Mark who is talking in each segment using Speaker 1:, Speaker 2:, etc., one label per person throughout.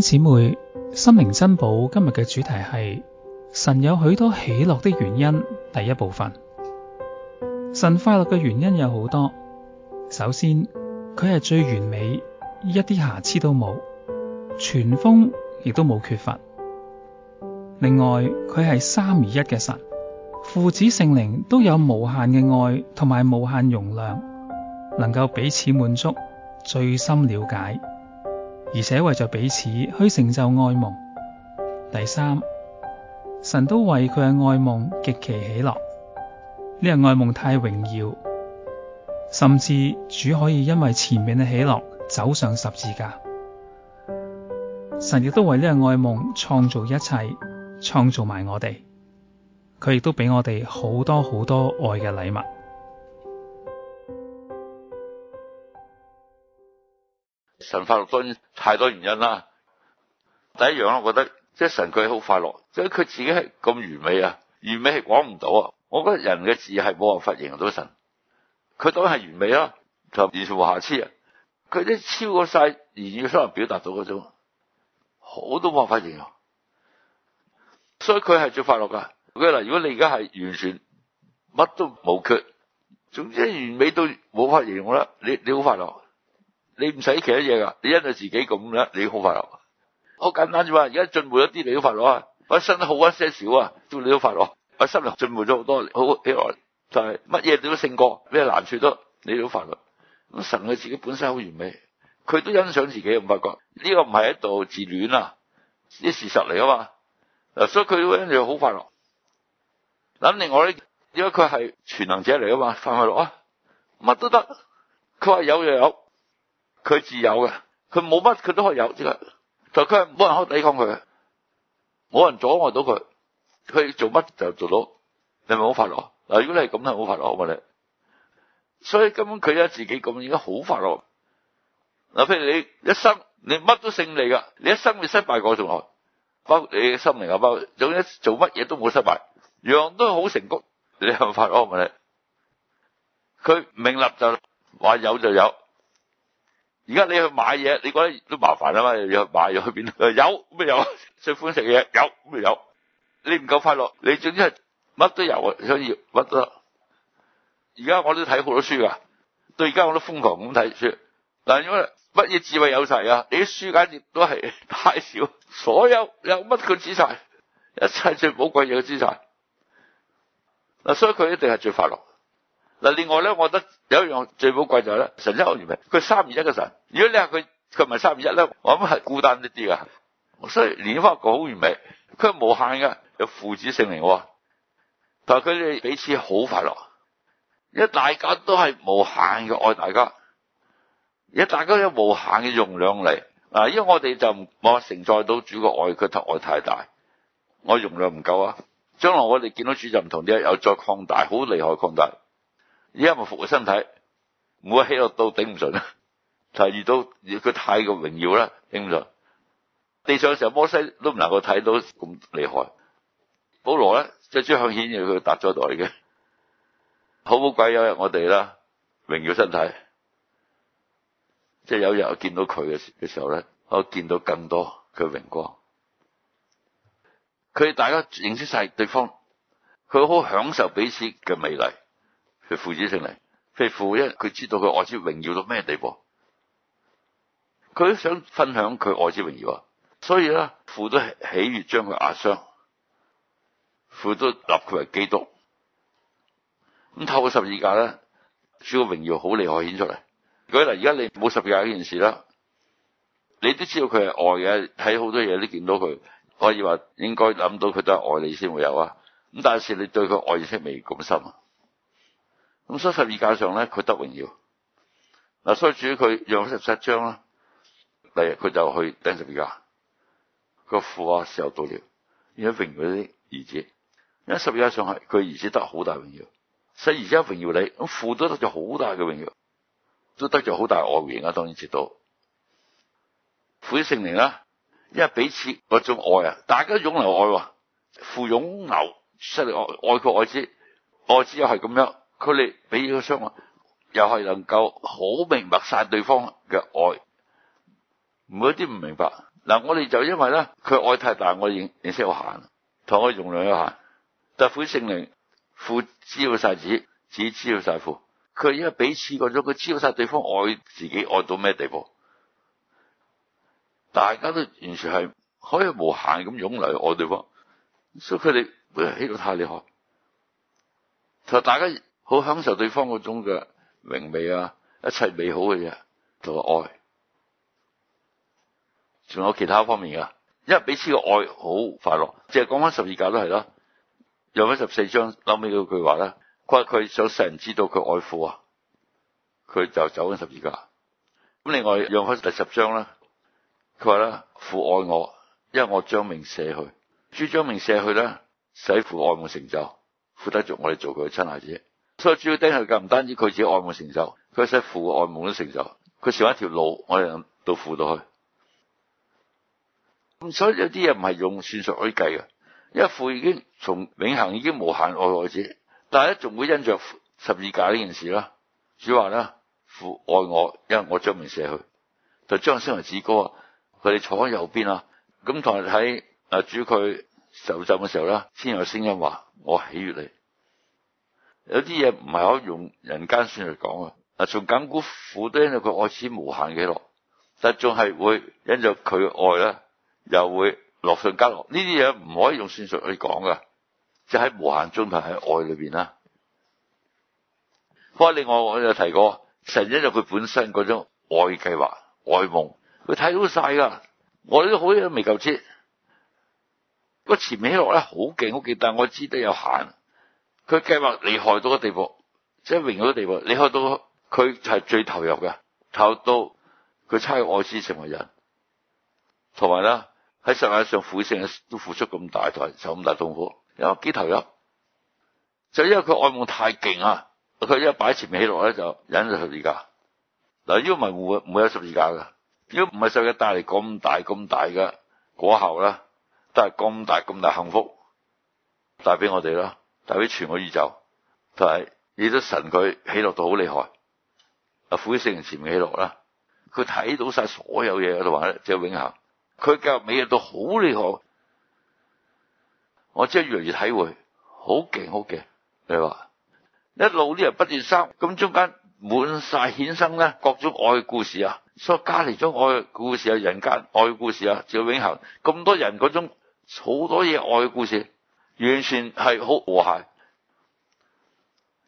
Speaker 1: 姐妹，心靈珍寶今日嘅主題係神有許多喜樂的原因，第一部分。神快樂嘅原因有好多，首先佢係最完美，一啲瑕疵都冇，全豐亦都冇缺乏。另外佢係三而一嘅神，父子聖靈都有無限嘅愛同埋無限容量，能夠彼此滿足、最深了解。而且為咗彼此去成就愛夢。第三，神都為佢嘅愛夢極其喜樂。呢個愛夢太榮耀，甚至主可以因為前面嘅喜樂走上十字架。神亦都為呢個愛夢創造一切，創造埋我哋。佢亦都俾我哋好多好多愛嘅禮物。神快樂當然太多原因啦。第一樣我覺得即係神佢好快樂，即係佢自己係咁完美啊，完美係講唔到啊。我覺得人嘅字係冇辦法形容到神，佢當然係完美啦，就完全無瑕疵啊。佢都超過晒言語所能表達到嗰種，好多冇辦法形容。所以佢係最快樂噶。嗱，如果你而家係完全乜都冇缺，總之完美到冇法形容啦，你你好快樂。你唔使其他嘢噶你因為自己咁咧，你好快樂，好簡單啫嘛。而家進步咗啲，你都快樂啊！我身得好一些少啊，都你都快樂。我心靈進步咗好多，好幾耐，就係乜嘢你都勝過，咩難處都你都快樂。咁神佢自己本身好完美，佢都欣賞自己，咁發覺呢個唔係喺度自戀啊，啲事實嚟啊嘛。所以佢因住好快樂。諗另外呢，因為佢係全能者嚟啊嘛，快快樂啊，乜都得，佢話有就有。佢自有嘅，佢冇乜，佢都可以有即係，但佢係冇人可以抵抗佢，冇人阻礙到佢，佢做乜就做到，你咪好快樂嗱。如果你係咁，係好快樂，我問你，所以根本佢而家自己咁而家好快樂嗱。譬如你一生你乜都勝利噶，你一生未失敗過仲耐，包括你嘅心靈啊，包括總之做乜嘢都冇失敗，樣都好成功，你係咪快樂？我問你，佢命立就話有就有。而家你去買嘢，你覺得都麻煩啊嘛？要買嘢去邊度？有咩有？食飯食嘢有咩有？你唔夠快樂，你總之係乜都有啊！所以乜都。而家我都睇好多書噶，到而家我都瘋狂咁睇書。嗱，因為乜嘢智慧有齊啊？你啲書簡直都係太少。所有有乜嘅資產，一切最寶貴嘅資產。嗱，所以佢一定係最快樂。嗱，另外咧，我覺得有一樣最寶貴就係咧，神一好完美，佢三而一嘅神。如果你話佢佢唔係三而一咧，我諗係孤單一啲噶所以連翻好完美，佢係無限㗎。有父子聖靈喎、哦，但係佢哋彼此好快樂，因為大家都係無限嘅愛大家，因為大家有無限嘅容量嚟。因為我哋就冇我承載到主嘅愛，佢嘅愛太大，我容量唔夠啊。將來我哋見到主就唔同啲，又再擴大，好厲害擴大。而家咪服侍身體，唔會喺度到頂唔順啦。就遇到佢太過榮耀啦，頂唔順。地上嘅時候，摩西都唔能夠睇到咁厲害。保羅咧，即係向顯現佢搭咗袋嘅，好好鬼，有日我哋啦，榮耀身體。即係有日我見到佢嘅嘅時候咧，我見到更多佢榮光。佢大家認識晒對方，佢好享受彼此嘅美麗。佢父子姓嚟即父，因佢知道佢愛子榮耀到咩地步，佢都想分享佢愛子榮耀啊！所以咧，父都喜悅將佢壓傷，父都立佢為基督。咁透過十字架咧，主嘅榮耀好厲害顯出嚟。嗱，而家你冇十字架呢件事啦，你都知道佢係愛嘅，睇好多嘢都見到佢，可以話應該諗到佢都係愛你先會有啊。咁，但是你對佢愛意未咁深啊。咁十字架上呢，佢得榮耀嗱，所以主佢讓十七章啦，第日佢就去釘十字架，個父啊，時候到了，而家榮耀啲兒子。而家十字架上係佢兒子得咗好大榮耀，所兒子家榮耀你，咁父都得咗好大嘅榮耀，都得咗好大愛榮啊，當然知道，父與聖靈啦、啊，因為彼此嗰種愛呀。大家湧流愛喎、啊，父湧流，出愛愛佢愛子。愛子又係咁樣。佢哋俾咗傷害，又係能夠好明白晒對方嘅愛，唔會有啲唔明白。嗱，我哋就因為咧，佢愛太大，我認認識有限，同我容量有限。但係性聖靈父知道晒子，子知道晒父。佢係因為彼此嗰咗，佢知道晒對方愛自己，愛到咩地步？大家都完全係可以無限咁湧嚟愛對方，所以佢哋呢個太厲害。同大家。好享受對方嗰種嘅榮美啊！一切美好嘅嘢同愛，仲有其他方面嘅，因為彼此嘅愛好快樂。淨係講返十字架都係啦，約翰十四章，後尾嗰句話咧，佢話佢想世人知道佢愛父啊，佢就走返十字架。咁另外約翰第十章啦，佢話咧父愛我，因為我將命捨去。諸將命捨去呢，使父愛我成就。父得著我哋做佢嘅親孩子。所以主要盯佢嘅，唔單止佢自己愛慕成就，佢使父愛慕嘅成就。佢成一條路，我哋到父度去。咁所以有啲嘢唔係用算術可以計嘅，因為父已經從永恆已經無限愛愛子，但係咧仲會因着十字架呢件事啦。主話呢，父愛我，因為我將命捨去，就將先為子哥，佢哋坐喺右邊啦。咁同埋喺主佢受浸嘅時候咧，先有聲音話我喜悅你。有啲嘢唔係可以用人間算術講嘅，嗱，從感恩苦多，因為佢愛錢無限幾多，但仲係會因著佢愛啦，又會樂上加樂。呢啲嘢唔可以用算術去講嘅，就喺、是、無限中同喺愛裏面啦。不過另外我有提過，神因著佢本身嗰種愛計劃、愛夢，佢睇到曬㗎。我哋都好都未夠知，個前面起落呢，好勁好勁，但係我知得有限。佢計劃你害到個地步，即係榮耀嘅地步。你害到佢就係最投入嘅，投到佢差嘅愛子成為人。同埋咧喺世界上，苦性都付出咁大，同受咁大痛苦，然後幾投入？就因為佢愛慕太勁啊！佢一擺前面起落咧，就忍咗十字架。嗱，如果唔係唔會唔會有十字架嘅？如果唔係世界帶嚟咁大咁大嘅果效啦都係咁大咁大幸福帶俾我哋啦。代表全個宇宙，但係你都神佢起落到好厲害，啊，苦嘅人前面起落啦，佢睇到晒所有嘢喺度話，直到永恆，佢嘅美到好厲害，我真係越嚟越體會，好勁好勁，你話一路啲人不斷生，咁中間滿晒衍生咧各種愛故事啊，所以加嚟咗愛故事啊，人間愛故事啊，直到永恆，咁多人嗰種好多嘢愛嘅故事。完全係好和諧，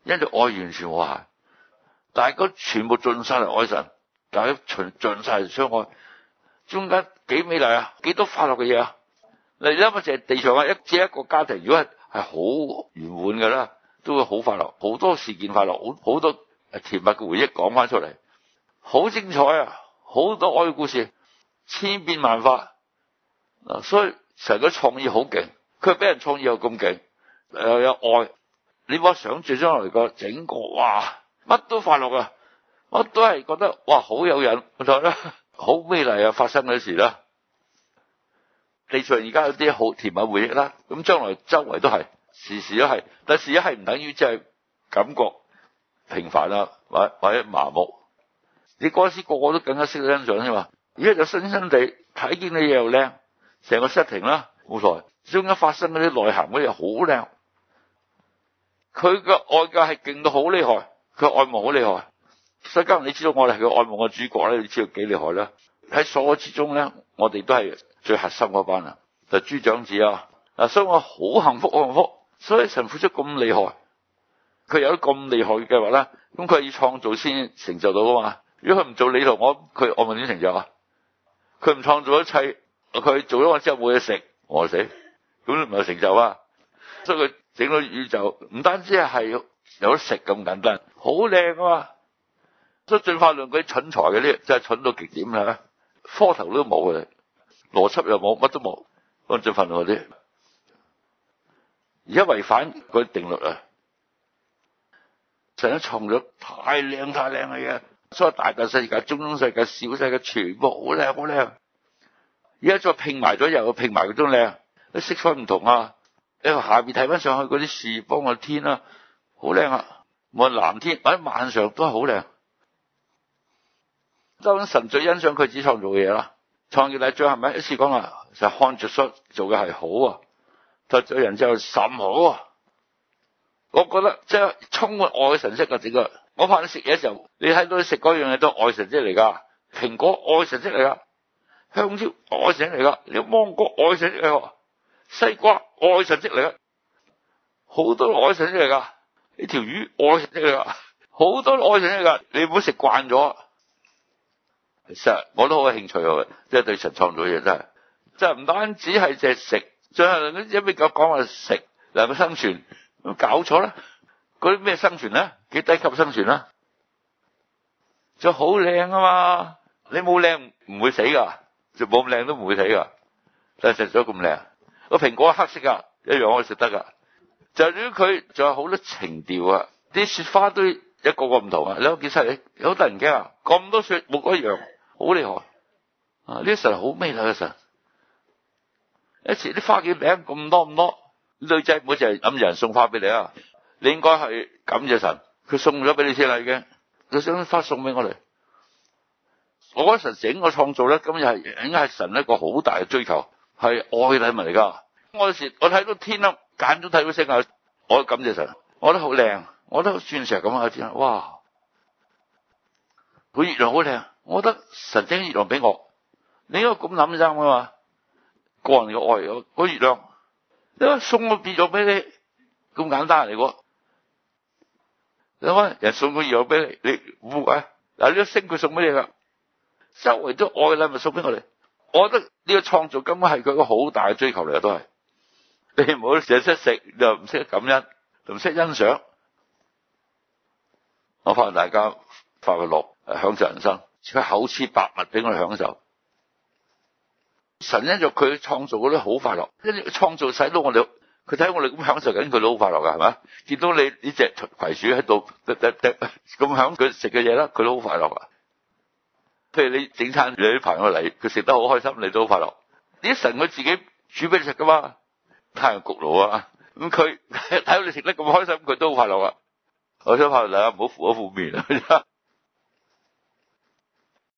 Speaker 1: 因為愛完全和諧，大家全部盡晒力愛神，大家盡盡晒力相愛，中間幾美麗啊，幾多快樂嘅嘢啊！你諗下，就係地上啊，一隻一個家庭，如果係係好圓滿嘅啦，都會好快樂，好多事件快樂，好好多甜蜜嘅回憶講翻出嚟，好精彩啊！好多愛嘅故事，千變萬化，所以成個創意好勁。佢俾人創意有咁勁，又有愛。你話想住將來個整個，哇！乜都快樂啊，乜都係覺得哇，好有癮，好美麗啊，發生嗰時啦。地上而家有啲好甜蜜回憶啦，咁將來周圍都係，時時都係。但時時係唔等於即係感覺平凡啦、啊、或或者麻木。你嗰陣時個個都更加識得欣賞添嘛？而家就新新地睇見啲嘢又靚，成個 setting 啦、啊。冇錯，錯中間發生嗰啲內涵嗰啲好靚，佢個外界係勁到好厲害，佢愛慕好厲害。所以今日你知道我哋係佢愛慕嘅主角咧，你知道幾厲害啦。喺所有之中咧，我哋都係最核心嗰班啊，就豬、是、長子啊。嗱，所以我好幸福，好幸福。所以神付出咁厲害，佢有咁厲害嘅計劃啦。咁佢要創造先成就到噶嘛？如果佢唔做呢度，他我佢愛慕點成就啊？佢唔創造一切，佢做咗我之後冇嘢食。餓死，咁唔係成就啊！所以佢整個宇宙唔單止係有得食咁簡單，好靚啊！所以進化論佢啲蠢材嘅啲真係蠢到極點啦，科頭都冇嘅，邏輯又冇，乜都冇。咁進化論嗰啲，而家違反佢定律啊！成日創咗，太靚太靚嘅嘢，所以，個所以大，大世界，中中世界，小世界，全部好靚好靚。而家再拼埋咗又，又拼埋嗰種靚，色彩唔同啊！你下邊睇翻上去嗰啲樹葉幫天啦，好靚啊！冇、啊、藍天，喺晚上都係好靚。咁神最欣賞佢子創造嘅嘢啦，創業嚟最係咪？一次講啊，就看 o n s r t 做嘅係好啊，突咗人之後甚好啊！我覺得即係充滿愛嘅神色㗎。整個。我怕你食嘢嘅時候，你喺度食嗰樣嘢都愛神色嚟噶，蘋果愛神色嚟噶。香蕉愛神嚟噶，你芒果愛神嚟，西瓜愛神嚟噶，好多愛神嚟噶。呢條魚愛神嚟噶，好多愛神嚟噶。你唔好食慣咗，其實我都好有興趣嘅，即係對神創造嘢真係，就唔單止係只食，最後呢一味講講話食，兩個生存咁搞錯啦。嗰啲咩生存咧，幾低級生存啦，就好靚啊嘛，你冇靚唔會死噶。就冇咁靚都唔會睇噶，但係食咗咁靚，個蘋果黑色噶，一樣可以食得噶。就係佢仲有好多情調啊！啲雪花都一個個唔同看看啊！你有冇犀利，嚟？好突然間啊！咁多雪冇一樣，好厲害啊！呢神好美啦！呢神，一時啲花嘅名咁多咁多，多女仔唔好淨係諗人送花俾你啊！你應該係感謝神，佢送咗俾你先嚟嘅，佢將花送俾我哋。我覺得神整個創造咧，咁又係應該係神一個好大嘅追求，係愛嘅禮物嚟噶。我有時我睇到天啦，間中睇到星啊，我感謝神，我覺得好靚，我都算成日咁啊天，哇！個月亮好靚，我覺得神將月亮俾我，你應該咁諗嘅嘛？個人嘅愛，個月亮，覺得送我別咗俾你，咁簡單嚟嘅。你覺得，人送個月亮俾你，你唔怪，嗱呢星佢送俾你啦。周圍都愛啦，禮物送俾我哋。我覺得呢個創造根本係佢個個好大嘅追求嚟，都係。你唔好成日識食又唔識感恩，唔識欣賞，我希望大家快快樂，享受人生，佢口似白物俾我哋享受。神呢就佢創造嗰啲好快樂，跟住創造使到我哋，佢睇我哋咁享受緊，佢都好快樂噶，係咪見見到你呢隻葵鼠喺度，咁響佢食嘅嘢啦，佢都好快樂噶。譬如你整餐，你啲朋友嚟，佢食得好開心，你都好快樂。一成神佢自己煮俾你食噶嘛，太陽焗爐啊，咁佢睇到你食得咁開心，佢都好快樂啊！我想快樂，大家唔好敷咗副面啊。